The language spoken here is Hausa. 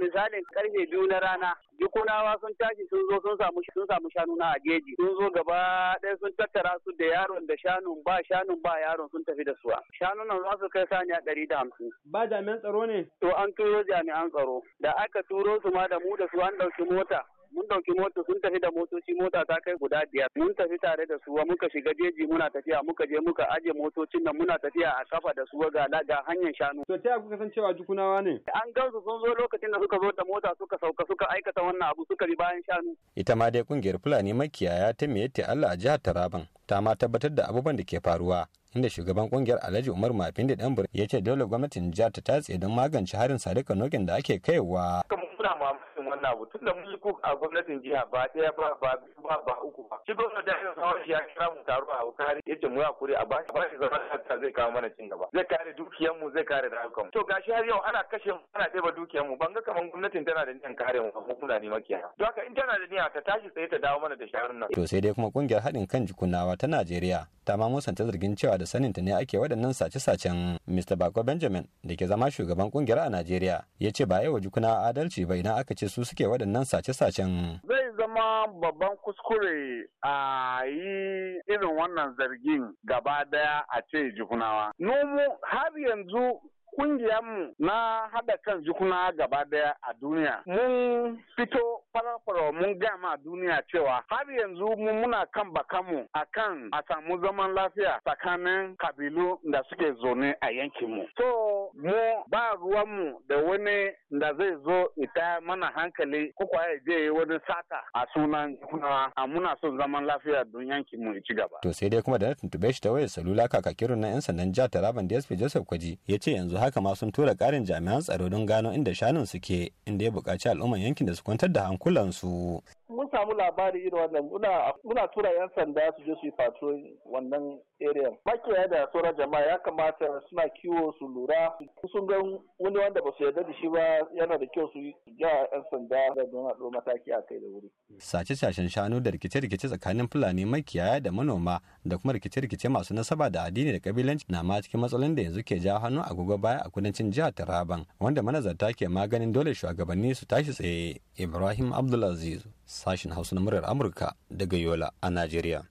misalin karfe biyu na rana jikunawa sun tashi sun zo sun samu sun samu shanu na a geji sun zo gaba ɗaya sun tattara su da yaron da shanun ba shanun ba yaron sun tafi da suwa shanun nan za su kai saniya ɗari da hamsin. ba jami'an tsaro ne. to an turo jami'an tsaro da aka turo su ma da mu da su an ɗauki mota mun dauki moto sun tafi da motoci mota ta kai guda biyar mun tafi tare da su muka shiga jeji muna tafiya muka je muka ajiye motocin nan muna tafiya a kafa da suwa ga ga hanyar shanu to ta kuka san cewa jukunawa ne an gansu sun zo lokacin da suka zo da mota suka sauka suka aikata wannan abu suka bi bayan shanu ita ma dai kungiyar fulani makiyaya ta "Me yatti Allah a jihar Taraban ta ma tabbatar da abubuwan da ke faruwa inda shugaban kungiyar Alhaji Umar Mafin da Danbur ya ce dole gwamnatin jihar ta tatse don magance harin sadaka nokin da ake kaiwa wannan abu tunda mun yi ko a gwamnatin jiya, ba ɗaya ba ba biyu ba ba uku ba shi gwamnati da irin kawai ya kira mu taro a Bukari yace mu hakuri a bashi bashi zaman lafiya zai kawo mana cin gaba zai kare dukiyar mu zai kare rayukan mu to gashi har yau ana kashe mu ana ɗeba dukiyar mu ban ga kaman gwamnatin tana da niyan kare mu kuna Fulani makiya to haka in tana da niyya ta tashi tsaye ta dawo mana da sharar nan to sai dai kuma kungiyar haɗin kan jikunawa ta Najeriya ta ma musanta zargin cewa da sanin ta ne ake waɗannan sace-sacen Mr. Bako Benjamin da ke zama shugaban kungiyar a Najeriya ya ce ba yawa jikuna adalci ba idan aka ce su su suke waɗannan sace-sacen. Zai zama babban kuskure a yi irin wannan zargin gaba daya a ce jikunawa. Nomu har yanzu mu na haɗa kan jukuna gaba daya a duniya. Mun fito farafara mun gama duniya cewa har yanzu mun muna kan bakanmu a kan a samu zaman lafiya tsakanin kabilu da suke zaune a yankinmu. to mu ba ruwanmu da wani da zai zo ita mana hankali ko kuwa ya je wani sata a sunan jukuna a muna son zaman lafiya don yankinmu ya ci gaba. To sai dai kuma da na tuntube shi ta wayar salula k'irin na 'yan sandan jihar Taraban DSP Joseph Kwaji ya ce yanzu haka ma sun tura karin jami'an tsaro don gano inda shanun suke inda ya bukaci al'umman yankin da su kwantar da hankulansu mun samu labari irin wannan muna tura yan sanda su je su yi patrol wannan area makiyaya da sauran jama'a ya kamata suna kiwo su lura sun ga wani wanda ba su yarda da shi ba yana da kyau su ga yan sanda da don haɗo mataki a kai da wuri sace sashen shanu da rikice-rikice tsakanin fulani makiyaya da manoma da kuma rikice-rikice masu nasaba da addini da kabilanci na ma cikin matsalolin da yanzu ke ja hannu a gogo baya a kudancin jihar Taraban wanda manazarta ke maganin dole shugabanni su tashi tsaye Ibrahim Abdulaziz sashen hausa na muryar amurka daga yola a najeriya